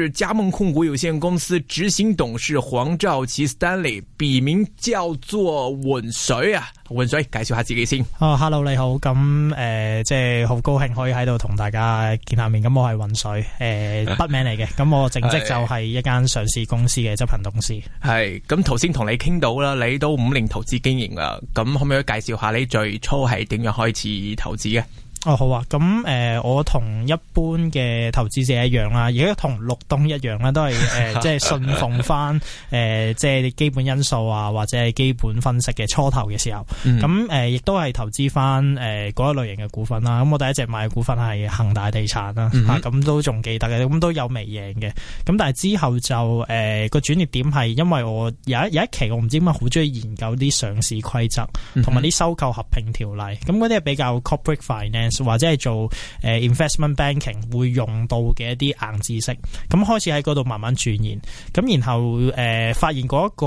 是嘉夢控股有限公司執行董事黃兆奇 （Stanley），筆名叫做渾水啊，渾水，介紹下自己先。哦、oh,，hello，你好，咁、嗯、誒、呃，即係好高興可以喺度同大家見下面。咁、嗯、我係渾水，誒、呃，筆 名嚟嘅。咁、嗯、我正職就係一間上市公司嘅執行董事。係、哎，咁頭先同你傾到啦，你都五零投資經驗啦，咁、嗯嗯、可唔可以介紹下你最初係點樣開始投資嘅、啊？哦，好啊，咁誒、呃，我同一般嘅投資者一樣啦、啊，而家同陸東一樣啦、啊，都係誒、呃、即係信奉翻誒、 呃、即係基本因素啊，或者係基本分析嘅初頭嘅時候，咁誒、嗯哼呃、亦都係投資翻誒嗰一類型嘅股份啦、啊。咁我第一隻買嘅股份係恒大地產啦、啊，吓咁、嗯哼啊、都仲記得嘅，咁都有微贏嘅。咁但係之後就誒、呃那個轉捩點係因為我有一有一期我唔知點解好中意研究啲上市規則同埋啲收購合併條例，咁嗰啲係比較 corporate finance。或者係做誒、呃、investment banking 會用到嘅一啲硬知識，咁開始喺嗰度慢慢轉現，咁然後誒、呃、發現嗰、那、一個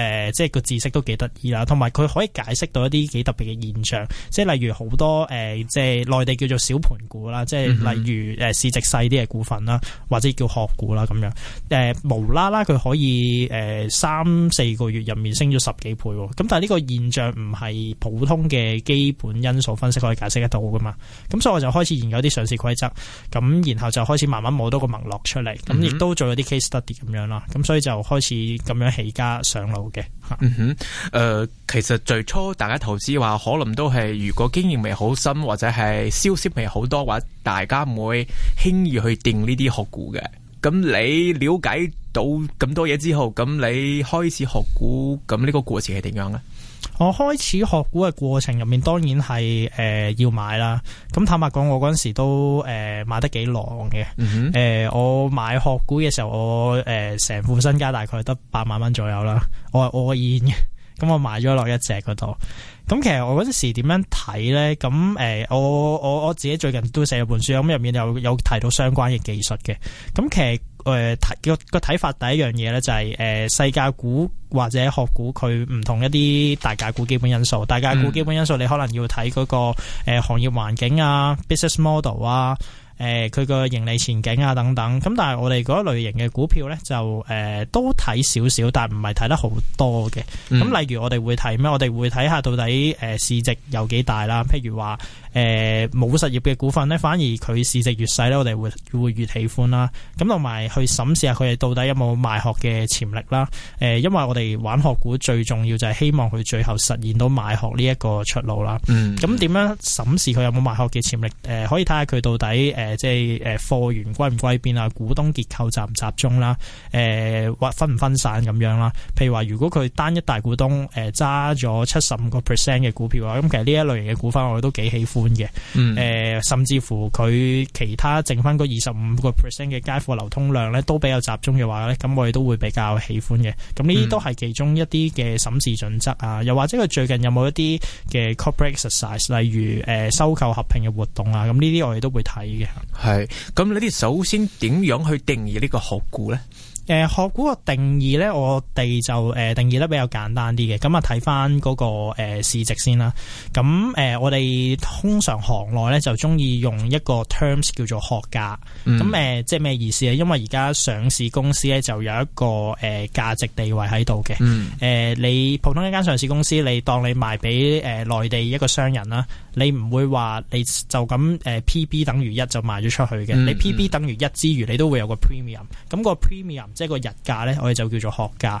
誒即係個知識都幾得意啦，同埋佢可以解釋到一啲幾特別嘅現象，即係例如好多誒即係內地叫做小盤股啦，即係例如誒市值細啲嘅股份啦，或者叫殼股啦咁樣，誒、呃、無啦啦佢可以誒三四個月入面升咗十幾倍，咁但係呢個現象唔係普通嘅基本因素分析可以解釋得到㗎嘛？咁所以我就開始研究啲上市規則，咁然後就開始慢慢摸多個脈絡出嚟，咁亦都做咗啲 case study 咁樣啦，咁所以就開始咁樣起家上路嘅。嗯哼，呃，其實最初大家投資話可能都係如果經驗未好深或者係消息未好多話，大家唔會輕易去掂呢啲學股嘅。咁你了解到咁多嘢之後，咁你開始學股，咁呢個過程係點樣呢？我開始學股嘅過程入面，當然係誒、呃、要買啦。咁坦白講，我嗰陣時都誒、呃、買得幾狼嘅。誒、mm hmm. 呃，我買學股嘅時候，我誒成、呃、副身家大概得八萬蚊左右啦。我係 all in 嘅，咁、 嗯、我買咗落一隻嗰度。咁其實我嗰陣時點樣睇咧？咁誒、呃、我我我自己最近都寫咗本書，咁入面有有提到相關嘅技術嘅。咁其實。誒，個個睇法第一樣嘢咧，就係、是、誒、呃、細價股或者學股佢唔同一啲大價股基本因素，大價股基本因素，你可能要睇嗰、那個、呃、行業環境啊、business model 啊。誒，佢個盈利前景啊，等等，咁但係我哋嗰一類型嘅股票咧，就誒、呃、都睇少少，但係唔係睇得好多嘅。咁、嗯、例如我哋會睇咩？我哋會睇下到底誒市值有幾大啦。譬如話誒冇實業嘅股份咧，反而佢市值越細咧，我哋會會越，越，越喜歡啦。咁同埋去審視下佢哋到底有冇賣殼嘅潛力啦。誒、呃，因為我哋玩殼股最重要就係希望佢最後實現到賣殼呢一個出路啦。咁點、嗯、樣審視佢有冇賣殼嘅潛力？誒、呃，可以睇下佢到底誒。呃即係誒，貨源歸唔歸邊啊？股東結構集唔集中啦？誒、呃，或分唔分散咁樣啦？譬如話，如果佢單一大股東誒揸咗七十五個 percent 嘅股票啊，咁其實呢一類型嘅股份我哋都幾喜歡嘅。誒、嗯呃，甚至乎佢其他剩翻嗰二十五個 percent 嘅街貨流通量咧，都比較集中嘅話咧，咁我哋都會比較喜歡嘅。咁呢啲都係其中一啲嘅審視準則啊。又或者佢最近有冇一啲嘅 corporate exercise，例如誒、呃、收購合併嘅活動啊？咁呢啲我哋都會睇嘅。係，咁你哋首先點樣去定義個顧顧呢個學故咧？誒，殼股個定義咧，我哋就誒定義得比較簡單啲嘅，咁啊睇翻嗰個誒市值先啦。咁誒、呃，我哋通常行內咧就中意用一個 terms 叫做殼價。咁誒、嗯呃，即係咩意思啊？因為而家上市公司咧就有一個誒價、呃、值地位喺度嘅。誒、嗯呃，你普通一間上市公司，你當你賣俾誒內地一個商人啦，你唔會話你就咁誒 P B 等於一就賣咗出去嘅。嗯嗯，你 P B 等於一之餘，你都會有個 premium。咁個 premium 即係個日價咧，我哋就叫做學價。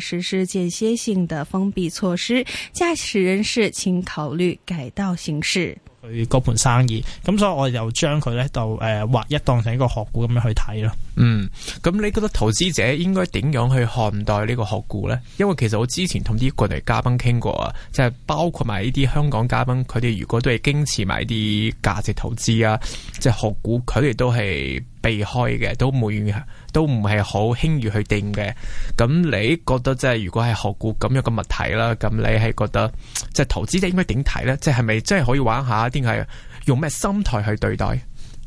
實施間歇性的封閉措施，駕駛人士請考慮改道行駛。佢嗰盤生意，咁所以我又將佢咧就誒劃一當成一個學股咁樣去睇咯。嗯，咁你覺得投資者應該點樣去看待呢個學股咧？因為其實我之前同啲國內嘉賓傾過啊，即係包括埋呢啲香港嘉賓，佢哋如果都係堅持埋啲價值投資啊，即係學股，佢哋都係。避開嘅都冇，都唔係好輕易去定嘅。咁你覺得即係如果係學股咁樣嘅物體啦，咁你係覺得即係、就是、投資者係應該點睇咧？即係係咪真係可以玩下？定係用咩心態去對待？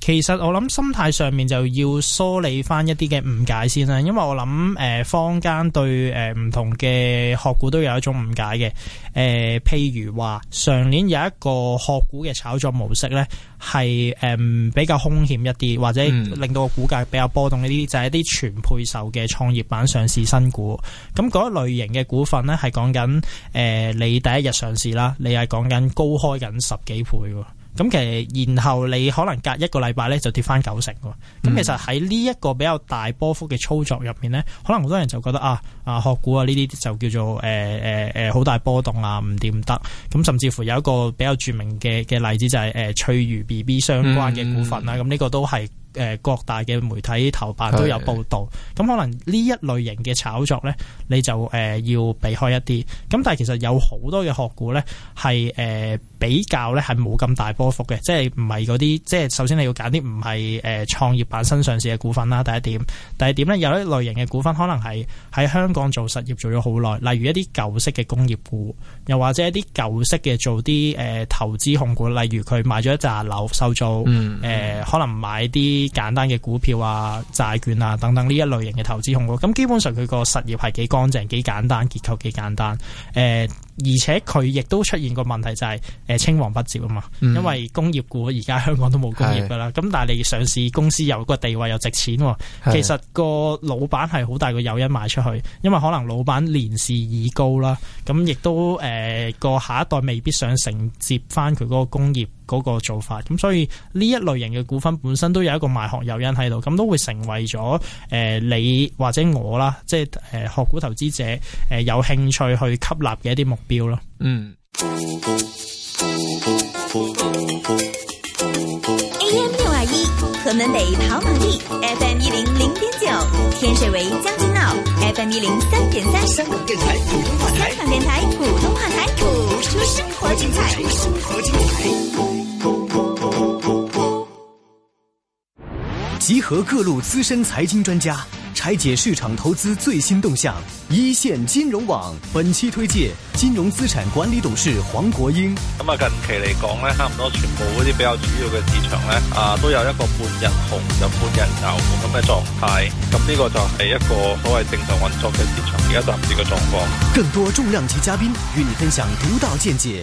其實我諗心態上面就要梳理翻一啲嘅誤解先啦，因為我諗誒坊間對誒唔同嘅學股都有一種誤解嘅，誒、呃、譬如話上年有一個學股嘅炒作模式呢，係、呃、誒比較兇險一啲，或者令到個股價比較波動一啲，就係、是、一啲全配售嘅創業板上市新股，咁嗰一類型嘅股份呢，係講緊誒你第一日上市啦，你係講緊高開緊十幾倍喎。咁其實，然後你可能隔一個禮拜咧就跌翻九成喎。咁其實喺呢一個比較大波幅嘅操作入面咧，可能好多人就覺得啊啊殼股啊呢啲就叫做誒誒誒好大波動啊，唔掂得。咁甚至乎有一個比較著名嘅嘅例子就係、是、誒、呃、翠如 BB 相關嘅股份啊。咁、這、呢個都係。誒，各大嘅媒體頭版都有報道，咁的可能呢一類型嘅炒作呢，你就誒、呃、要避開一啲。咁但係其實有好多嘅學股呢，係、呃、誒比較呢，係冇咁大波幅嘅，即係唔係嗰啲，即係首先你要揀啲唔係誒創業板新上市嘅股份啦。第一點，第二點呢，有一類型嘅股份可能係喺香港做實業做咗好耐，例如一啲舊式嘅工業股，又或者一啲舊式嘅做啲誒、呃、投資控股，例如佢買咗一紮樓收租，誒、嗯嗯呃、可能買啲。啲簡單嘅股票啊、債券啊等等呢一類型嘅投資控股，咁基本上佢個實業係幾乾淨、幾簡單，結構幾簡單誒。呃而且佢亦都出現個問題就係誒青黃不接啊嘛，因為工業股而家香港都冇工業㗎啦，咁是但係你上市公司有個地位又值錢，哦，其實個老闆係好大個誘因賣出去，因為可能老闆年事已高啦，咁亦都誒、呃、個下一代未必想承接翻佢個工業個做法，咁所以呢一類型嘅股份本身都有一個賣殼誘因喺度，咁都會成為咗誒、呃、你或者我啦，即係誒、呃、殼股投資者誒、呃、有興趣去吸納嘅一啲目。標了嗯。AM 六二一，何文田北跑馬地，FM 一零零點九，9, 天水圍將軍澳，FM 一零三點三。香港電台普通話台，香港電台普通話台，譜出生活精彩，譜出生活精彩。集合各路資深財經專家，拆解市場投資最新動向。一線金融網本期推介金融資產管理董事黃國英。咁啊，近期嚟講咧，差唔多全部嗰啲比較主要嘅市場咧，啊，都有一個半日紅又半日牛咁嘅狀態。咁呢個就係一個所謂正常運作嘅市場，而家暫時嘅狀況。更多重量級嘉賓與你分享獨到見解。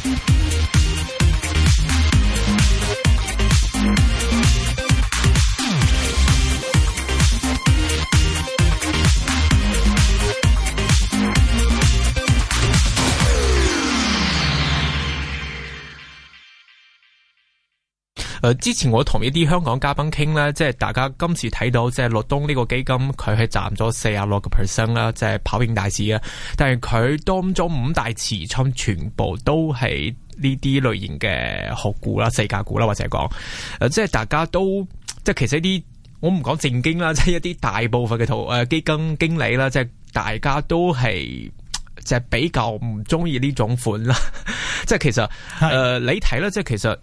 誒，之前我同一啲香港嘉賓傾啦，即係大家今次睇到，即係諾東呢個基金，佢係賺咗四十六個 percent 啦，即係跑贏大市啊。但係佢當中五大持倉全部都係呢啲類型嘅殼股啦、細價股啦，或者講誒，即係大家都即係其實一啲我唔講正經啦，即係一啲大部分嘅投誒基金經理啦，即係大家都係即係比較唔中意呢種款啦。即係其實誒，你睇啦，即係其實。是呃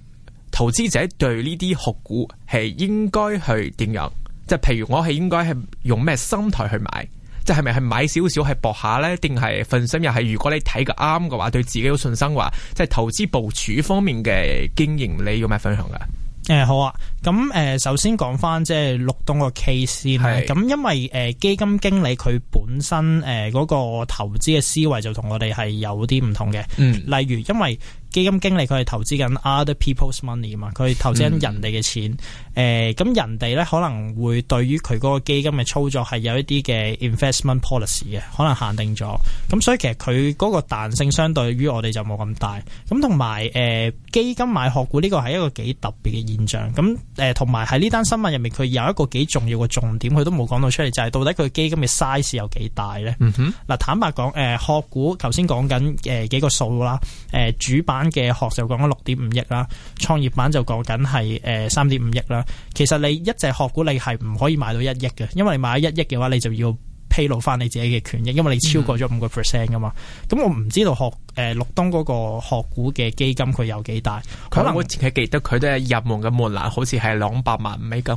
投資者對呢啲學股係應該去點樣？即係譬如我係應該係用咩心態去買？即係咪係買少少係搏下呢定係份心又係？如果你睇個啱嘅話，對自己有信心話。即係投資部署方面嘅經營，你要咩分享噶？誒、呃，好啊。咁誒、呃，首先講翻即係陸東個 case 先咁是因為誒、呃、基金經理佢本身誒嗰、呃那個投資嘅思維就我同我哋係有啲唔同嘅。嗯，例如因為。基金經理佢係投資緊 other people's money 嘛？佢係投資緊人哋嘅錢，誒、嗯，咁、呃、人哋咧可能會對於佢嗰個基金嘅操作係有一啲嘅 investment policy 嘅，可能限定咗。咁所以其實佢嗰個彈性相對於我哋就冇咁大。咁同埋，誒、呃，基金買學股呢個係一個幾特別嘅現象。咁、呃，誒，同埋喺呢單新聞入面，佢有一個幾重要嘅重點，佢都冇講到出嚟，就係、是、到底佢基金嘅 size 有幾大咧？嗯、哼。嗱，坦白講，誒、呃，學股頭先講緊，誒，幾個數啦，誒、呃，主板。嘅學就講咗六點五億啦，創業板就講緊係誒三點五億啦。其實你一隻學股你係唔可以買到一億嘅，因為你買咗一億嘅話你就要披露翻你自己嘅權益，因為你超過咗五個 percent 噶嘛。咁、嗯、我唔知道學誒陸、呃、東嗰個學股嘅基金佢有幾大，佢可能會自己記得佢都係入門嘅門檻，好似係兩百萬美金。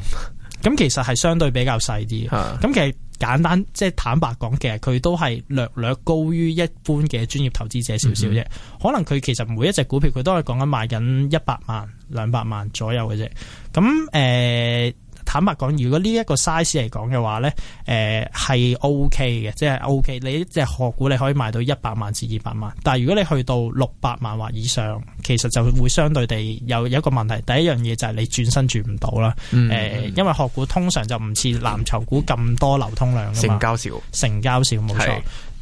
咁 其實係相對比較細啲。咁、嗯、其實。簡單即係坦白講，其實佢都係略略高於一般嘅專業投資者少少啫。嗯、哼可能佢其實每一隻股票佢都係講緊買緊一百萬兩百萬左右嘅啫。咁誒。呃坦白講，如果呢一個 size 嚟講嘅話呢，誒係 O K 嘅，即係 O K。你隻學股你可以賣到一百萬至二百萬，但係如果你去到六百萬或以上，其實就會相對地有有一個問題。第一樣嘢就係你轉身轉唔到啦，誒、嗯嗯呃，因為學股通常就唔似藍籌股咁多流通量，成交少，成交少冇錯。是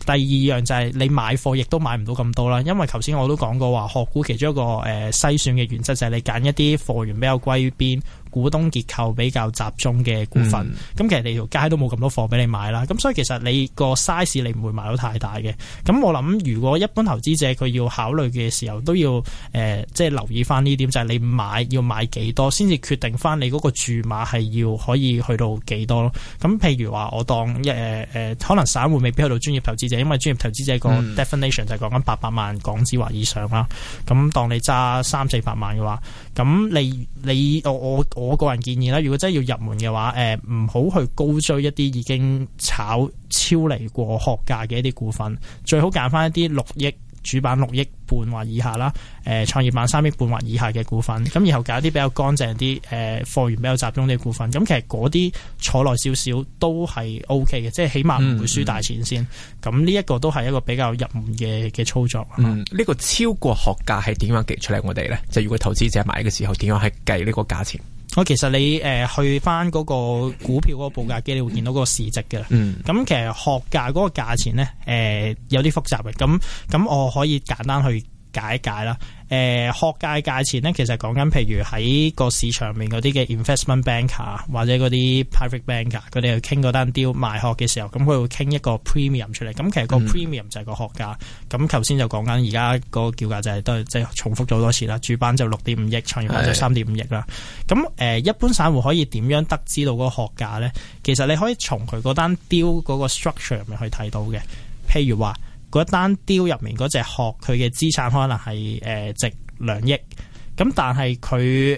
第二樣就係你買貨亦都買唔到咁多啦，因為頭先我都講過話學股其中一個誒、呃、篩選嘅原則就係你揀一啲貨源比較歸邊。股東結構比較集中嘅股份，咁、嗯、其實你條街都冇咁多貨俾你買啦，咁所以其實你個 size 你唔會買到太大嘅。咁我諗如果一般投資者佢要考慮嘅時候，都要誒即係留意翻呢點，就係、是、你買要買幾多，先至決定翻你嗰個注碼係要可以去到幾多咯。咁譬如話我當一誒誒，可能散戶未必去到專業投資者，因為專業投資者，個 definition 就係講緊八百萬港紙或以上啦。咁、嗯、當你揸三四百萬嘅話，咁你你我我。我我個人建議啦，如果真係要入門嘅話，誒唔好去高追一啲已經炒超嚟過學價嘅一啲股份，最好揀返一啲六億主板六億半或以下啦，誒、呃、創業板三億半或以下嘅股份。咁然後揀啲比較乾淨啲，誒、呃、貨源比較集中啲嘅股份。咁其實嗰啲坐耐少少都係 O K 嘅，即係起碼唔會輸大錢先。咁呢一個都係一個比較入門嘅嘅操作。嗯，呢嗎、嗯呢個超過學價係點樣計出嚟我哋呢，就係、如果投資者買嘅時候點樣係計呢個價錢？我其實你誒去返嗰個股票嗰個報價機，你會見到嗰個市值嘅啦。咁、嗯、其實學價嗰個價錢咧，誒有啲複雜嘅。咁咁我可以簡單去解一解啦，誒、呃、殼嘅價錢咧，其實講緊，譬如喺個市場面嗰啲嘅 investment banker 或者嗰啲 private banker，佢哋去傾嗰單 deal 賣殼嘅時候，咁佢會傾一個 premium 出嚟。咁其實個 premium 就係個殼價。咁頭先就講緊而家個叫價就係、係、都係即係、就係、重複咗好多次啦。主板就六點五億，創業板就三點五億啦。咁誒的、呃，一般散戶可以點樣得知到嗰個殼價咧？其實你可以從佢嗰單 deal 嗰個 structure 入面去睇到嘅。譬如話，嗰一單 deal 入面嗰隻殼，佢嘅資產可能係誒、呃、值兩億，咁但係佢誒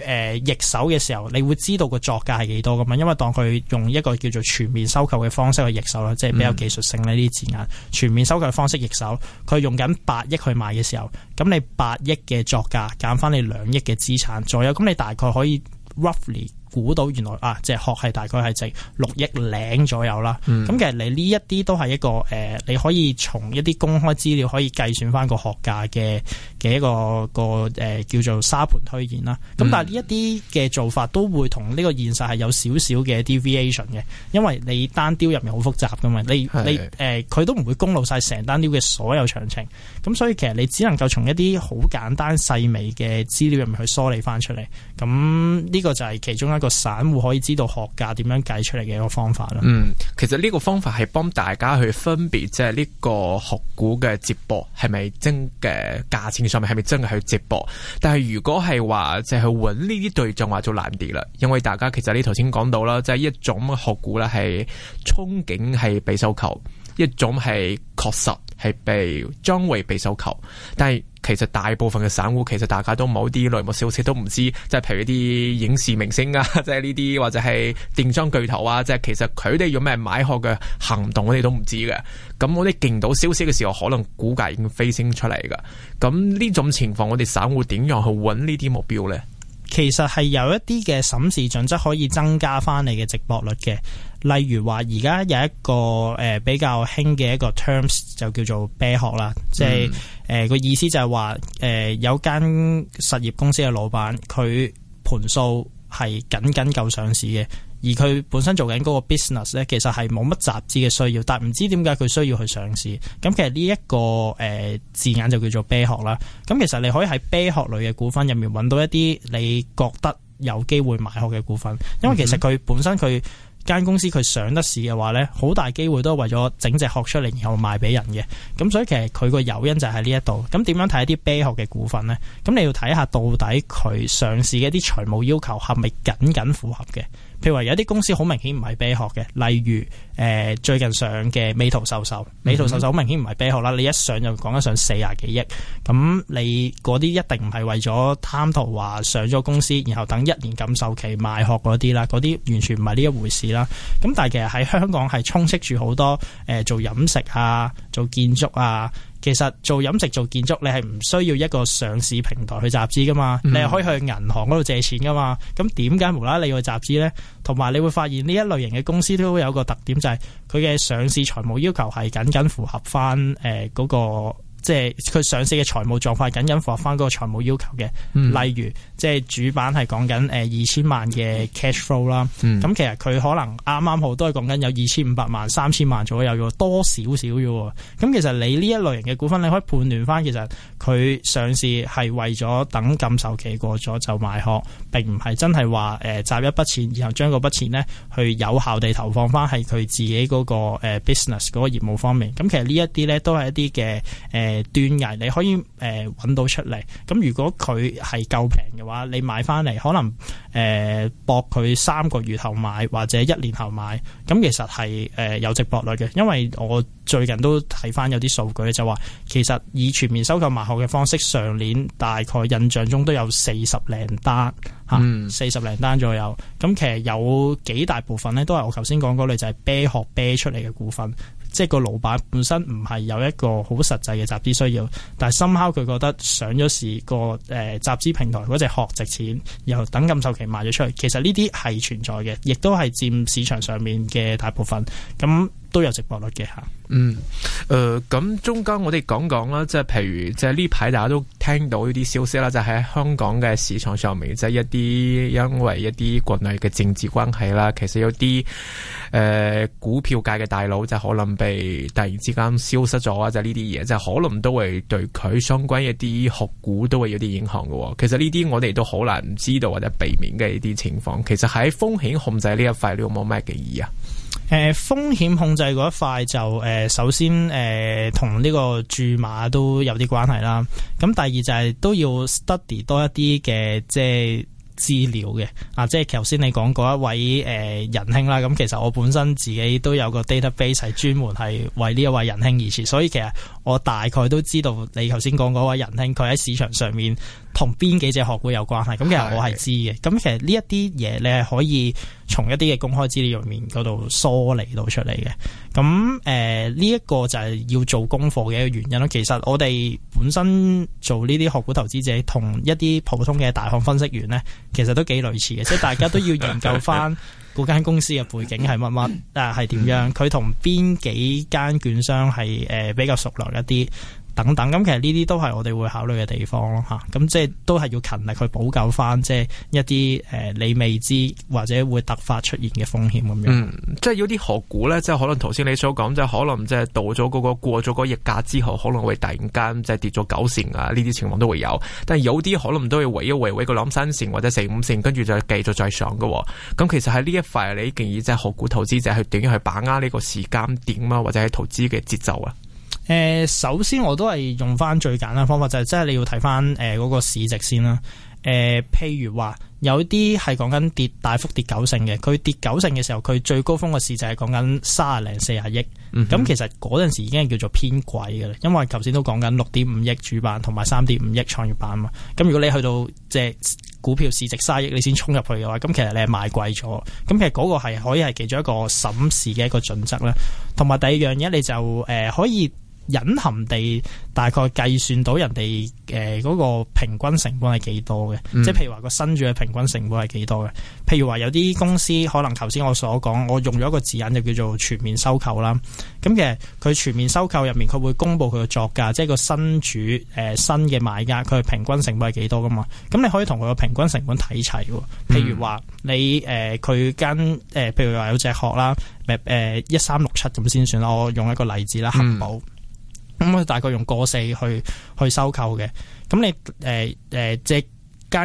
易手嘅時候，你會知道個作價係幾多噶嘛？因為當佢用一個叫做全面收購嘅方式去易手啦，即係比較技術性呢啲字眼。全面收購嘅方式易手，佢用緊八億去買嘅時候，咁你八億嘅作價減翻你兩億嘅資產左右，咁你大概可以 roughly。估到原來啊，即隻殼係大概係值六億零左右啦。咁、嗯、其實你呢一啲都係一個誒、呃，你可以從一啲公開資料可以計算翻個殼價嘅嘅一個一個誒、呃、叫做沙盤推演啦。咁、嗯、但係呢一啲嘅做法都會同呢個現實係有少少嘅 deviation 嘅，因為你單 deal 入面好複雜㗎嘛，你是你誒佢、呃、都唔會公佈晒成單 deal 嘅所有詳情，咁所以其實你只能夠從一啲好簡單細微嘅資料入面去梳理翻出嚟。咁呢個就係其中一個散戶可以知道學價點樣計出嚟嘅一個方法啦。嗯，其實呢個方法係幫大家去分別，即係呢個學股嘅接駁係咪真嘅價錢上面係咪真係去接駁？但係如果係話即係搵呢啲對象話做難啲啦，因為大家其實呢頭先講到啦，即係一種學股咧係憧憬係俾收購。一種係確實係被將會被收購，但係其實大部分嘅散戶其實大家都冇啲內幕消息都唔知，即係譬如啲影視明星啊，即係呢啲或者係電商巨頭啊，即係其實佢哋有咩買殼嘅行動我，我哋都唔知嘅。咁我哋勁到消息嘅時候，可能股價已經飛升出嚟㗎。咁呢種情況，我哋散戶點樣去揾呢啲目標呢？其實係有一啲嘅審視準則可以增加翻你嘅直播率嘅。例如話，而家有一個誒、呃、比較興嘅一個 terms 就叫做啤殼啦，即係誒個意思就係話誒有間實業公司嘅老闆佢盤數係僅僅夠上市嘅，而佢本身做緊嗰個 business 咧，其實係冇乜集資嘅需要，但係唔知點解佢需要去上市咁。其實呢、這、一個誒、呃、字眼就叫做啤殼啦。咁其實你可以喺啤殼類嘅股份入面揾到一啲你覺得有機會買殼嘅股份，因為其實佢本身佢。間公司佢上得市嘅話呢，好大機會都係為咗整隻殼出嚟，然後賣俾人嘅。咁所以其實佢個誘因就係呢一度。咁點樣睇一啲啤殼嘅股份呢？咁你要睇下到底佢上市嘅啲財務要求係咪僅僅符合嘅？譬如話有啲公司好明顯唔係啤殼嘅，例如誒最近上嘅美圖秀秀，美圖秀秀好明顯唔係啤殼啦。你一上就講得上四廿幾億，咁你嗰啲一定唔係為咗貪圖話上咗公司，然後等一年禁售期賣殼嗰啲啦，嗰啲完全唔係呢一回事啦。咁但係其實喺香港係充斥住好多誒、呃、做飲食啊、做建築啊。其實做飲食、做建築，你係唔需要一個上市平台去集資噶嘛，嗯、你係可以去銀行嗰度借錢噶嘛。咁點解無啦啦你要去集資呢？同埋你會發現呢一類型嘅公司都有個特點，就係佢嘅上市財務要求係僅僅符合翻誒嗰個。即係佢上市嘅財務狀況，緊緊符合翻嗰個財務要求嘅。例如，即係主板係講緊誒二千萬嘅 cash flow 啦、嗯。咁其實佢可能啱啱好都係講緊有二千五百萬、三千萬左右，多少少啫喎。咁其實你呢一類型嘅股份，你可以判斷翻其實。佢上市係為咗等禁售期過咗就賣殼，並唔係真係話誒賺一筆錢，然後將嗰筆錢咧去有效地投放翻係佢自己嗰、那個誒、呃、business 嗰個業務方面。咁、嗯、其實呢一啲咧都係一啲嘅誒端倪，你可以誒揾、呃、到出嚟。咁如果佢係夠平嘅話，你買翻嚟可能誒搏佢三個月後買或者一年後買，咁、嗯、其實係誒有值博率嘅。因為我最近都睇翻有啲數據，就話其實以全面收購埋。嘅方式上年大概印象中都有、嗯、四十零單，吓四十零單左右。咁其實有幾大部分呢，都係我頭先講嗰類，就係啤殼啤出嚟嘅股份，即係個老闆本身唔係有一個好實際嘅集資需要，但係 somehow 佢覺得上咗市個誒集資平台嗰隻殼值錢，然後等禁售期賣咗出去。其實呢啲係存在嘅，亦都係佔市場上面嘅大部分。咁都有直播率嘅吓，嗯，誒、呃，咁中間我哋講講啦，即係譬如，即係呢排大家都聽到呢啲消息啦，就喺香港嘅市場上面，即係一啲因為一啲國內嘅政治關係啦，其實有啲誒、呃、股票界嘅大佬就可能被突然之間消失咗啊，就呢啲嘢，就可能都會對佢相關一啲學股都會有啲影響嘅。其實呢啲我哋都好難知道或者避免嘅一啲情況。其實喺風險控制呢一塊，你有冇咩建議啊？誒風險控制嗰一塊，就誒首先誒同呢個注碼都有啲關係啦，咁第二就係都要 study 多一啲嘅即係資料嘅，啊即係頭先你講嗰一位誒仁兄啦，咁、呃、其實我本身自己都有個 database 係專門係為呢一位仁兄而設，所以其實。我大概都知道你頭先講嗰位仁兄，佢喺市場上面同邊幾隻殼股有關係。咁其實我係知嘅。咁的其實呢一啲嘢，你係可以從一啲嘅公開資料入面嗰度梳理到出嚟嘅。咁誒，呢、呃、一、這個就係要做功課嘅一個原因咯。其實我哋本身做呢啲殼股投資者，同一啲普通嘅大行分析員呢，其實都幾類似嘅，即係大家都要研究翻。 嗰間公司嘅背景係乜乜？啊，係點樣？佢同 邊幾間券商係誒比較熟絡一啲？等等，咁其實呢啲都係我哋會考慮嘅地方咯，吓、啊，咁即係都係要勤力去補救翻，即係一啲誒你未知或者會突發出現嘅風險咁樣。即係有啲殼股咧，即係可能頭先你所講，即係可能即係到咗嗰個過咗個日價之後，可能會突然間即係跌咗九成啊，呢啲情況都會有。但係有啲可能都要維一維維個兩三成或者四五成，跟住就繼續再上嘅。咁、啊嗯、其實喺呢一塊，你建議即係殼股投資者去點樣去把握呢個時間點啊，或者係投資嘅節奏啊？誒，首先我都係用翻最簡單方法，就係即係你要睇翻誒嗰個市值先啦。誒、呃，譬如話有啲係講緊跌大幅跌九成嘅，佢跌九成嘅時候，佢最高峰嘅市值係講緊三啊零四啊億。咁、嗯、哼其實嗰陣時已經係叫做偏貴㗎啦，因為頭先都講緊六點五億主板同埋三點五億創業板嘛。咁如果你去到即係股票市值三十億你先沖入去嘅話，咁其實你係買貴咗。咁其實嗰個係可以係其中一個審視嘅一個準則啦。同埋第二樣嘢，你就誒、呃、可以。隱含地大概計算到人哋誒嗰個平均成本係幾多嘅？嗯、即係譬如話個新主嘅平均成本係幾多嘅？譬如話有啲公司可能頭先我所講，我用咗一個字眼就叫做全面收購啦。咁其實佢全面收購入面佢會公布佢嘅作價，即係個、呃、新主誒新嘅買家佢嘅平均成本係幾多噶嘛？咁你可以同佢嘅平均成本睇齊喎。譬如話、嗯、你誒佢間誒譬如話有隻殼啦，誒一三六七咁先算啦。我用一個例子啦，恒寶。咁佢大概用個四去去收購嘅，咁你誒誒，即、呃、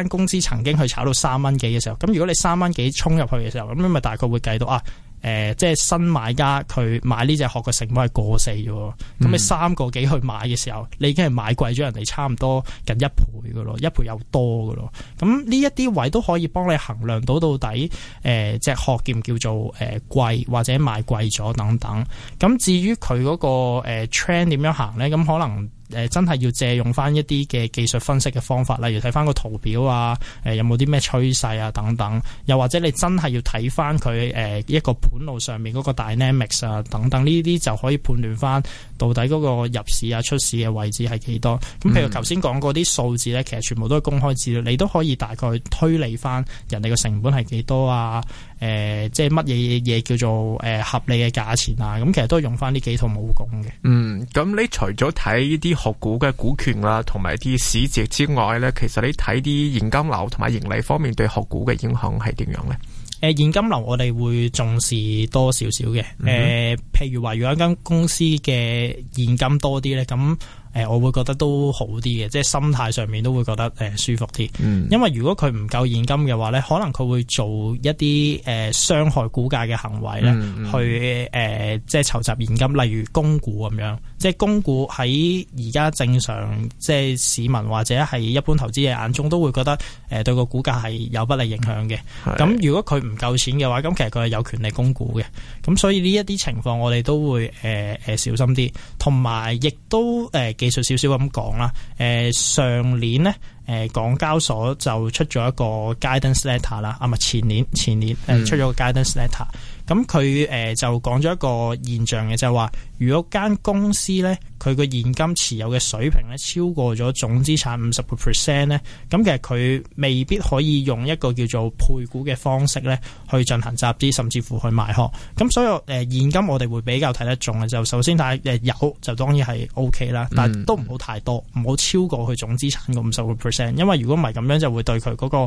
間公司曾經去炒到三蚊幾嘅時候，咁如果你三蚊幾衝入去嘅時候，咁樣咪大概會計到啊？誒、呃，即係新買家佢買呢隻殼嘅成本係過四嘅喎，咁、嗯、你三個幾去買嘅時候，你已經係買貴咗人哋差唔多近一倍嘅咯，一倍又多嘅咯，咁呢一啲位都可以幫你衡量到到底，誒、呃，隻殼叫唔叫做誒、呃、貴或者買貴咗等等，咁至於佢嗰、那個、呃、trend 點樣行咧，咁可能。誒，真係要借用翻一啲嘅技術分析嘅方法，例如睇翻個圖表啊，誒、呃，有冇啲咩趨勢啊等等，又或者你真係要睇翻佢誒一個盤路上面嗰個 dynamics 啊等等，呢啲就可以判斷翻到底嗰個入市啊出市嘅位置係幾多。咁譬如頭先講嗰啲數字呢，嗯、其實全部都係公開資料，你都可以大概推理翻人哋嘅成本係幾多啊？誒、呃，即係乜嘢嘢叫做誒、呃、合理嘅價錢啊？咁其實都係用翻呢幾套武功嘅。嗯，咁你除咗睇呢啲。學股嘅股權啦，同埋啲市值之外呢，其實你睇啲現金流同埋盈利方面對學股嘅影響係點樣呢？誒，現金流我哋會重視多少少嘅。誒、嗯哼，譬如話如果一間公司嘅現金多啲呢。咁。誒、呃，我會覺得都好啲嘅，即係心態上面都會覺得誒、呃、舒服啲。嗯，因為如果佢唔夠現金嘅話咧，可能佢會做一啲誒、呃、傷害股價嘅行為咧，去誒、呃、即係籌集現金，例如供股咁樣。即係供股喺而家正常即係市民或者係一般投資者眼中都會覺得誒、對個股價係有不利影響嘅。咁、嗯嗯、如果佢唔夠錢嘅話，咁其實佢係有權利供股嘅。咁所以呢一啲情況，我哋都會誒誒、呃呃呃、小心啲，同埋亦都誒技術少少咁講啦，誒，上年咧，誒，港交所就出咗一個 guidance letter 啦，啊，唔係前年，前年誒，出咗個 guidance letter，咁佢誒就講咗一個現象嘅，就係話如果間公司咧。佢個現金持有嘅水平咧超過咗總資產五十個 percent 咧，咁其實佢未必可以用一個叫做配股嘅方式咧去進行集資，甚至乎去賣殼。咁所以誒、呃、現金我哋會比較睇得重嘅，就首先睇誒、呃、有就當然係 OK 啦，但係都唔好太多，唔好超過佢總資產嘅五十個 percent，因為如果唔係咁樣就會對佢嗰個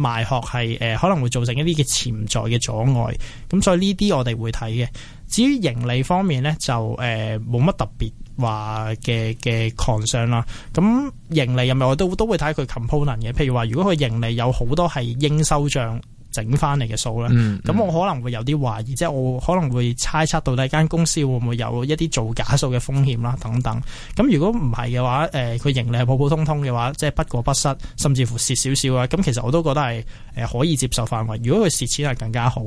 賣殼係、呃、可能會造成一啲嘅潛在嘅阻礙。咁所以呢啲我哋會睇嘅。至於盈利方面咧，就誒冇乜特別話嘅嘅 concern 啦。咁盈利入面我都都會睇佢 component 嘅。譬如話，如果佢盈利有好多係應收帳整翻嚟嘅數咧，咁、嗯嗯、我可能會有啲懷疑，即、就、係、是、我可能會猜測到底間公司會唔會有一啲造假數嘅風險啦等等。咁如果唔係嘅話，誒、呃、佢盈利係普普通通嘅話，即、就、係、是、不過不失，甚至乎蝕少少啊。咁其實我都覺得係誒可以接受範圍。如果佢蝕錢係更加好，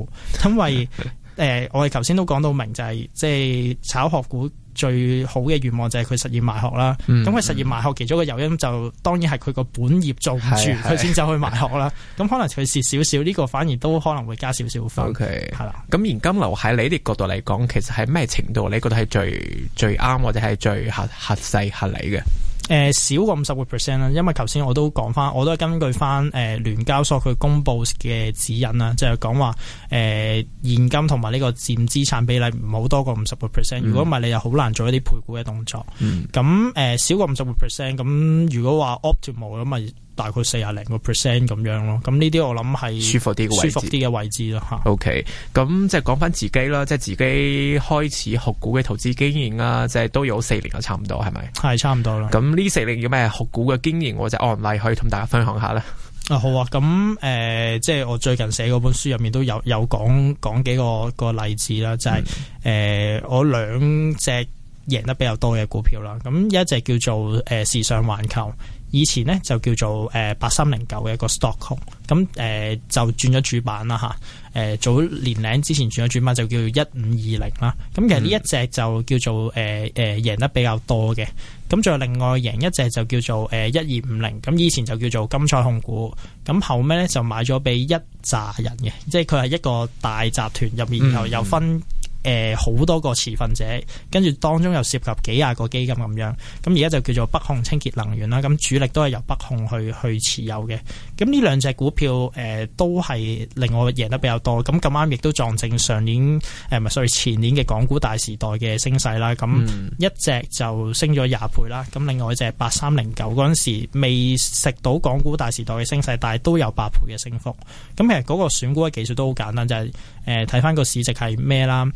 因為， 誒、呃，我哋頭先都講到明、就是，就係即係炒殼股最好嘅願望就係佢實現賣殼啦。咁佢、嗯、實現賣殼，其中一個誘因就當然係佢個本業做唔住，佢先走去賣殼啦。咁可能佢蝕少少，呢 個反而都可能會加少少分。係啦 Okay, 了。咁現金流喺你啲角度嚟講，其實係咩程度？你覺得係最最啱，或者係最合適合理嘅？誒、呃，少過五十個 percent 啦，因為頭先我都講翻，我都係根據翻誒聯交所佢公布嘅指引啦，就係講話誒現金同埋呢個佔資產比例唔好多過五十個 percent，如果唔係你又好難做一啲配股嘅動作。咁誒、嗯呃，少過五十個 percent，咁如果話 optimal 咁咪。大概四十零個 percent 咁樣咯，咁呢啲我諗係舒服啲舒服啲嘅位置咯吓。嗯、OK，咁即係講翻自己啦，即、就、係、是、自己開始學股嘅投資經驗啦、啊，即、就、係、是、都有四年啊，差唔多係咪？係差唔多啦。咁呢四年有咩學股嘅經驗或者案例，可以同大家分享下咧。啊好啊，咁誒，即、呃、係、就是、我最近寫嗰本書入面都有有講講幾個個例子啦，就係、是、誒、嗯呃、我兩隻贏得比較多嘅股票啦，咁一隻叫做誒、呃、時尚環球。以前咧就叫做誒八三零九嘅一個 Stock 咁誒、呃、就轉咗主板啦嚇，誒早年零之前轉咗主板就叫一五二零啦，咁其實呢一隻就叫做誒誒、呃、贏得比較多嘅，咁仲有另外贏一隻就叫做誒一二五零，咁以前就叫做金彩控股，咁後尾咧就買咗俾一紮人嘅，即係佢係一個大集團入面，然後又分。誒，好多個持份者，跟住當中又涉及幾廿個基金咁樣，咁而家就叫做北控清潔能源啦。咁主力都係由北控去去持有嘅。咁呢兩隻股票誒、呃，都係令我贏得比較多。咁咁啱，亦都撞正上年誒，唔係 sorry 前年嘅港股大時代嘅升勢啦。咁、嗯、一隻就升咗廿倍啦。咁另外一隻八三零九嗰陣時未食到港股大時代嘅升勢，但係都有八倍嘅升幅。咁其實嗰個選股嘅技術都好簡單，就係誒睇翻個市值係咩啦。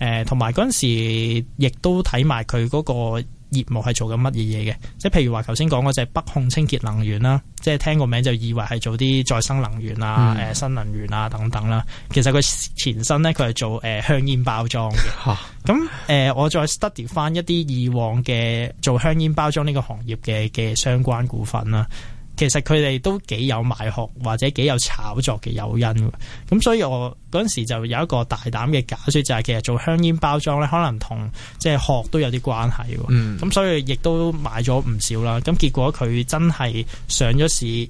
誒，同埋嗰陣時，亦都睇埋佢嗰個業務係做緊乜嘢嘢嘅，即係譬如話頭先講嗰隻北控清潔能源啦，即係聽個名就以為係做啲再生能源啊、誒、嗯、新能源啊等等啦。其實佢前身咧，佢係做誒香煙包裝嘅。咁誒，我再 study 翻一啲以往嘅做香煙包裝呢個行業嘅嘅相關股份啦，其實佢哋都幾有賣殼或者幾有炒作嘅誘因。咁所以我。嗰陣時就有一個大膽嘅假説，就係、是、其實做香煙包裝咧，可能同即係殼都有啲關係喎。咁、嗯、所以亦都買咗唔少啦。咁結果佢真係上咗市，誒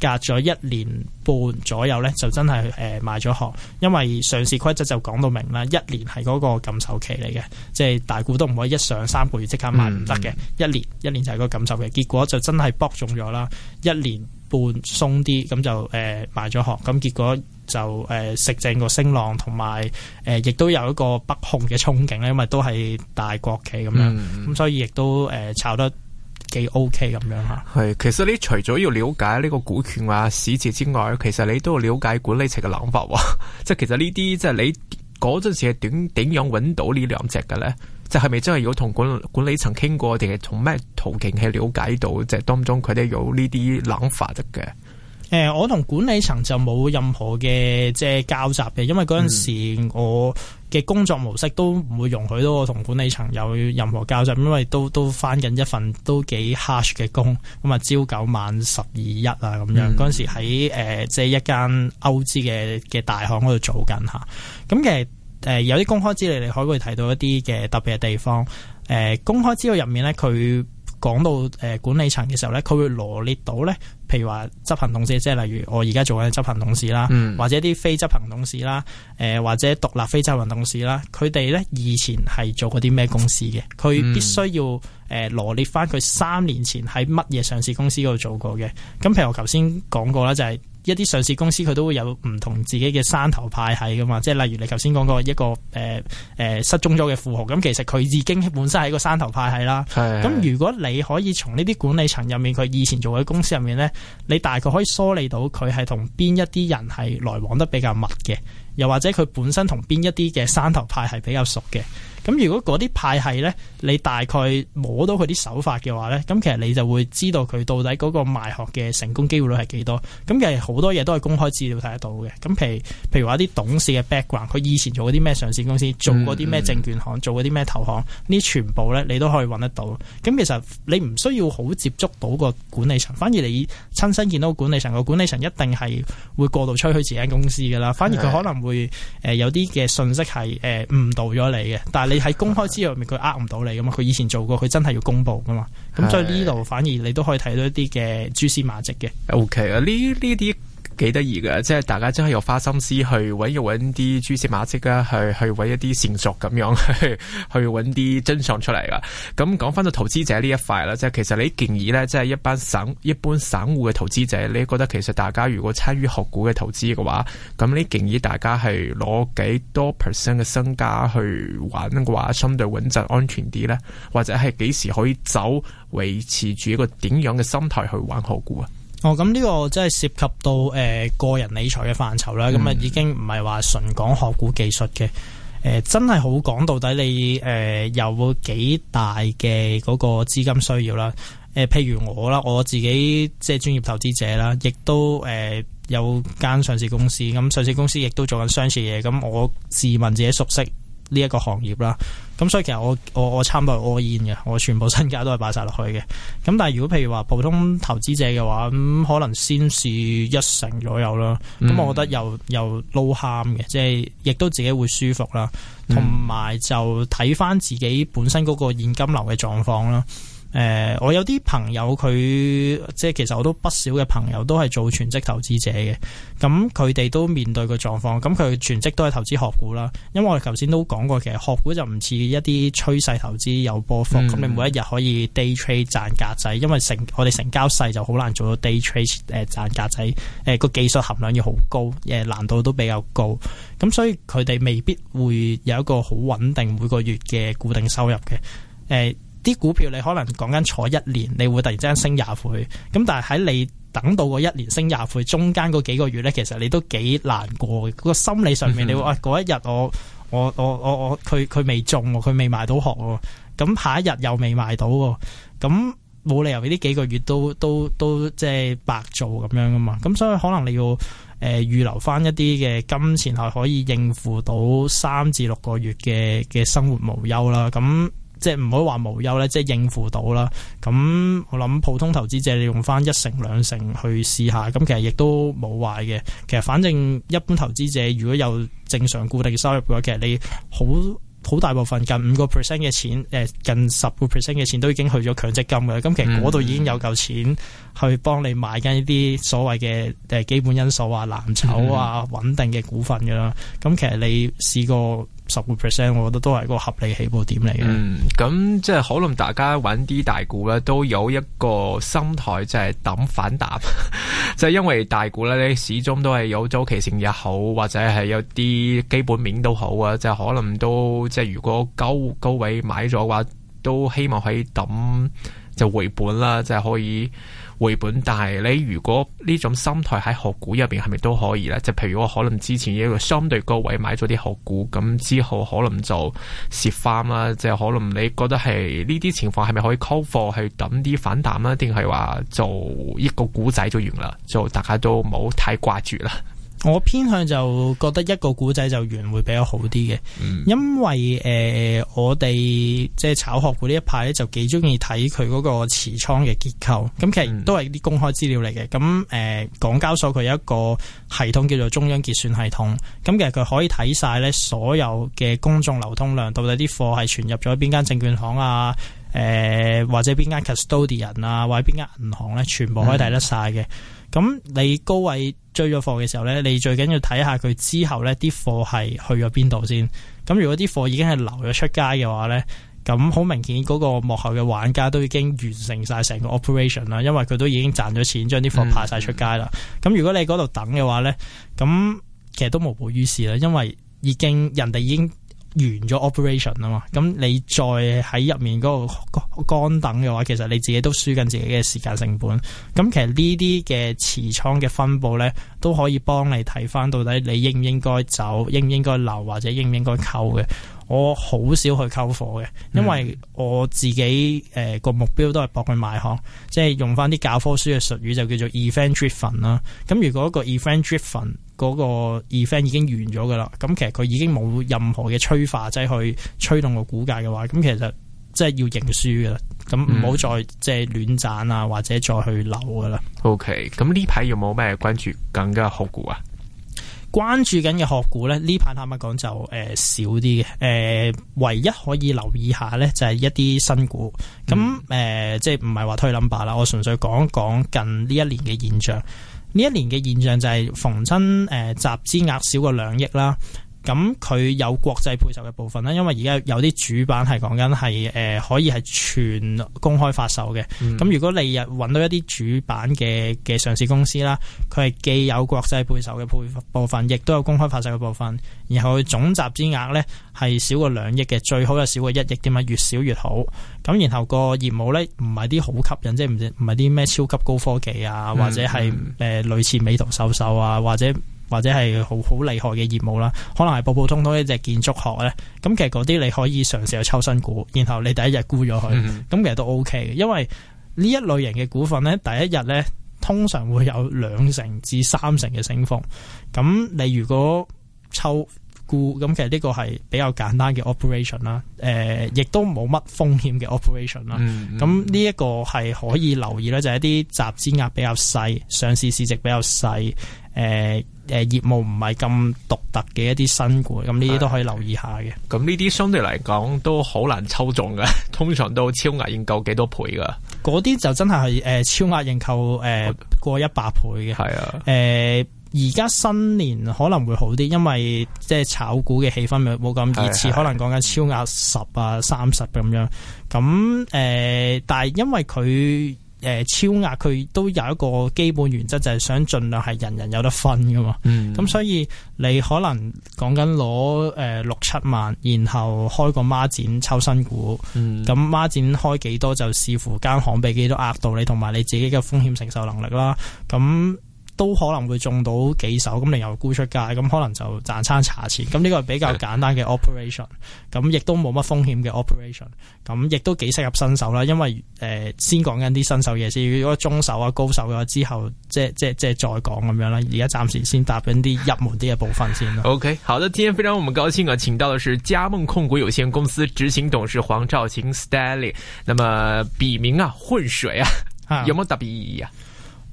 隔咗一年半左右咧，就真係誒賣咗殼，因為上市規則就講到明啦，一年係嗰個禁售期嚟嘅，即、就、係、是、大股東唔可以一上三個月即刻賣唔得嘅，一年一年就係個禁售期。結果就真係搏中咗啦，一年半鬆啲，咁就誒賣咗殼。咁結果。就誒、呃、食正個升浪，同埋誒亦都有一個北控嘅憧憬咧，因為都係大國企咁、嗯、樣，咁所以亦都誒、呃、炒得幾 OK 咁、嗯、樣嚇。係其實你除咗要了解呢個股權啊市值之外，其實你都要了解管理層嘅諗法喎。即 係其實呢啲即係你嗰陣時點點樣揾到呢兩隻嘅咧？即係咪真係有同管管理層傾過，定係從咩途徑去了解到即係、就是、當中佢哋有呢啲諗法得嘅？誒，我同管理層就冇任何嘅即係交集嘅，因為嗰陣時我嘅工作模式都唔會容許到我同管理層有任何交集，因為都都翻緊一份都幾 harsh 嘅工，咁啊朝九晚十二一啊咁樣。嗰陣、嗯、時喺誒即係一間歐資嘅嘅大行嗰度做緊吓，咁嘅誒有啲公開資料你可能會睇到一啲嘅特別嘅地方。誒、呃，公開資料入面咧，佢。講到誒管理層嘅時候咧，佢會羅列到咧，譬如話執行董事，即係例如我而家做緊執行董事啦，嗯呃，或者啲非執行董事啦，誒或者獨立非執行董事啦，佢哋咧以前係做過啲咩公司嘅。佢必須要誒羅、呃、列翻佢三年前喺乜嘢上市公司嗰度做過嘅。咁譬如我頭先講過啦，就係、是。一啲上市公司佢都會有唔同自己嘅山頭派系噶嘛，即係例如你頭先講過一個誒誒、呃呃、失蹤咗嘅富豪，咁其實佢已經本身係一個山頭派系啦。咁係。如果你可以從呢啲管理層入面，佢以前做嘅公司入面咧，你大概可以梳理到佢係同邊一啲人係來往得比較密嘅，又或者佢本身同邊一啲嘅山頭派係比較熟嘅。咁如果嗰啲派系咧，你大概摸到佢啲手法嘅話咧，咁其實你就會知道佢到底嗰個賣殼嘅成功機會率係幾多。咁其實好多嘢都係公開資料睇得到嘅。咁譬如譬如話啲董事嘅 background，佢以前做啲咩上市公司，做過啲咩證券行，做過啲咩投行，呢全部咧你都可以揾得到。咁其實你唔需要好接觸到個管理層，反而你親身見到管理層，個管理層一定係會過度吹噓自己間公司噶啦，反而佢可能會誒有啲嘅信息係誒誤導咗你嘅。但係你喺公開資料入面，佢呃唔到你㗎嘛？佢以前做過，佢真係要公布㗎嘛？咁的所以呢度反而你都可以睇到一啲嘅蛛絲馬跡嘅。OK 啊，呢呢啲。幾得意噶即係大家真係有花心思去搵，要搵啲蛛絲馬跡啦，去去搵一啲線索咁樣，去去搵啲真相出嚟噶。咁講翻到投資者呢一塊啦，即係其實你建議呢，即係一班省一般散戶嘅投資者，你覺得其實大家如果參與學股嘅投資嘅話，咁你建議大家係攞幾多 percent 嘅身家去玩嘅話，相對穩陣安全啲呢？或者係幾時可以走，維持住一個點樣嘅心態去玩學股啊？哦，咁呢個真係涉及到誒、呃、個人理財嘅範疇啦，咁啊、嗯、已經唔係話純講學股技術嘅，誒、呃、真係好講到底你誒有幾大嘅嗰個資金需要啦？誒、呃，譬如我啦，我自己即係專業投資者啦，亦都誒有間上市公司，咁上市公司亦都做緊相似嘢，咁我自問自己熟悉呢一個行業啦。咁所以其實我我我差唔多係 all in 嘅，我全部身家都係擺晒落去嘅。咁但係如果譬如話普通投資者嘅話，咁、嗯、可能先試一成左右啦。咁我覺得又又撈喊嘅，即係亦都自己會舒服啦，同埋就睇翻自己本身嗰個現金流嘅狀況啦。誒、呃，我有啲朋友佢即係其實我都不少嘅朋友都係做全職投資者嘅，咁佢哋都面對個狀況，咁佢全職都係投資學股啦。因為我哋頭先都講過，其實學股就唔似一啲趨勢投資有波幅，咁、嗯、你每一日可以 day trade 賺格仔，因為成我哋成交細就好難做到 day trade 誒賺格仔，誒、呃、個技術含量要好高，誒、呃、難度都比較高，咁、呃、所以佢哋未必會有一個好穩定每個月嘅固定收入嘅，誒、呃。啲股票你可能講緊坐一年，你會突然之間升廿倍，咁但係喺你等到個一年升廿倍中間嗰幾個月呢，其實你都幾難過嘅。個心理上面你會話嗰、 啊、一日我我我我我佢佢未中，佢未賣到殼，咁下一日又未賣到，咁冇理由呢幾個月都都都即係白做咁樣噶嘛。咁所以可能你要誒預、呃、留翻一啲嘅金錢，係可以應付到三至六個月嘅嘅生活無憂啦。咁即係唔好話無憂咧，即係應付到啦。咁我諗普通投資者你用翻一成兩成去試下，咁其實亦都冇壞嘅。其實反正一般投資者如果有正常固定收入嘅話，其實你好好大部分近五個 percent 嘅錢，誒近十個 percent 嘅錢都已經去咗強積金嘅。咁其實嗰度已經有嚿錢去幫你買緊一啲所謂嘅誒基本因素啊、藍籌啊、穩定嘅股份噶啦。咁其實你試過。十個 percent，我覺得都係一個合理起步點嚟嘅。嗯，咁即係可能大家揾啲大股咧，都有一個心態，即係抌反彈。即 係因為大股咧，你始終都係有周期性也好，或者係有啲基本面都好啊。即係可能都即係如果高高位買咗嘅話，都希望可以抌就回本啦，即係可以。回本，但係你如果呢種心態喺學股入邊係咪都可以咧？就譬如我可能之前一個相對高位買咗啲學股，咁之後可能就蝕翻啦，即就可能你覺得係呢啲情況係咪可以溝貨去等啲反彈啦？定係話做一個股仔就完啦？就大家都唔好太掛住啦。 我偏向就覺得一個股仔就完會比較好啲嘅，嗯、因為誒、呃、我哋即係炒殼股呢一派咧就幾中意睇佢嗰個持倉嘅結構，咁其實都係啲公開資料嚟嘅。咁誒、呃，港交所佢有一個系統叫做中央結算系統，咁其實佢可以睇晒呢所有嘅公眾流通量，到底啲貨係存入咗邊間證券行啊，誒、呃、或者邊間 custodian 啊，或者邊間銀行呢，全部可以睇得晒嘅。咁、嗯、你高位。追咗貨嘅時候咧，你最緊要睇下佢之後咧啲貨係去咗邊度先。咁如果啲貨已經係流咗出街嘅話咧，咁好明顯嗰個幕後嘅玩家都已經完成晒成個 operation 啦，因為佢都已經賺咗錢，將啲貨派晒出街啦。咁、嗯、如果你嗰度等嘅話咧，咁其實都無補於事啦，因為已經人哋已經完咗 operation 啊嘛，咁你再喺入面嗰個乾等嘅話，其實你自己都輸緊自己嘅時間成本。咁其實呢啲嘅持倉嘅分佈咧，都可以幫你睇翻到底你應唔應該走，應唔應該留，或者應唔應該扣嘅。我好少去溝貨嘅，因為我自己誒個目標都係搏佢買行，即係用翻啲教科書嘅術語就叫做 event driven 啦。咁如果個 event driven 嗰個 event 已經完咗㗎喇，咁其實佢已經冇任何嘅催化劑去推動個股價嘅話，咁其實即係要認輸㗎喇。咁唔好再即係亂賺啊，或者再去扭㗎喇。OK，咁呢排有冇咩關注更加好股啊？關注緊嘅學股呢，呢排坦白講就誒、呃、少啲嘅，誒、呃、唯一可以留意下呢，就係一啲新股，咁誒、嗯呃、即係唔係話推冧巴啦，我純粹講一講近呢一年嘅現象，呢一年嘅現象就係逢親誒、呃、集資額少過兩億啦。咁佢有國際配售嘅部分啦，因為而家有啲主板係講緊係誒可以係全公開發售嘅。咁、嗯、如果你日揾到一啲主板嘅嘅上市公司啦，佢係既有國際配售嘅配部分，亦都有公開發售嘅部分，然後總集資額呢係少過兩億嘅，最好又少過一億，添啊，越少越好。咁然後個業務呢唔係啲好吸引，即係唔唔係啲咩超級高科技啊，或者係誒類似美圖秀秀、嗯、美圖秀啊，或者。或者係好好厲害嘅業務啦，可能係普普通通一隻建築學呢。咁其實嗰啲你可以嘗試去抽新股，然後你第一日沽咗佢，咁其實都 OK 嘅，因為呢一類型嘅股份呢，第一日呢通常會有兩成至三成嘅升幅，咁你如果抽股，咁其實呢個係比較簡單嘅 operation 啦、呃，誒、嗯，亦都冇乜風險嘅 operation 啦。咁呢一個係可以留意咧，就係啲集資額比較細、上市市值比較細、誒、呃、誒、呃、業務唔係咁獨特嘅一啲新股，咁呢啲都可以留意下嘅。咁呢啲相對嚟講都好難抽中嘅，通常都超額認購幾多倍噶。嗰啲就真係誒超額認購誒過一百倍嘅。係啊，誒、呃。而家新年可能會好啲，因為即係炒股嘅氣氛冇冇咁熱切，是是可能講緊超額十啊三十咁樣。咁誒、啊，但係因為佢誒超額，佢都有一個基本原則，就係、是、想盡量係人人有得分噶嘛。咁、嗯、所以你可能講緊攞誒六七萬，然後開個孖展抽新股。咁、嗯、孖展開幾多就視乎間行俾幾多額度你，同埋你自己嘅風險承受能力啦。咁都可能會中到幾手，咁你又沽出街，咁可能就賺餐茶錢。咁、這、呢個係比較簡單嘅 operation，咁亦都冇乜風險嘅 operation，咁亦都幾適合新手啦。因為誒、呃、先講緊啲新手嘢先，如果中手啊高手嘅話，之後即即即再講咁樣啦。而家暫時先答緊啲入門啲嘅部分先啦。OK，好的，今天非常我們高興啊！請到的是嘉夢控股有限公司執行董事黃兆晴 （Stanley），那麼筆名啊混水啊，有冇特別意義啊？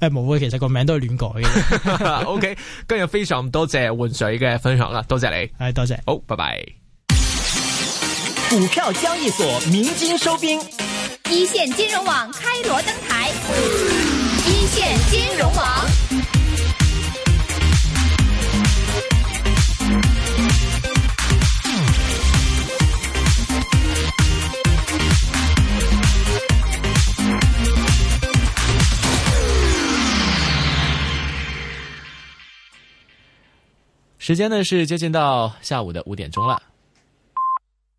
冇嘅，其實個名都係亂改嘅。OK，今日非常多謝換水嘅分享啦，多謝你，係多謝，好，拜拜。股票交易所，鳴金收兵，一線金融網開鑼登台，一線金融網。時間呢是接近到下午的五點鐘啦。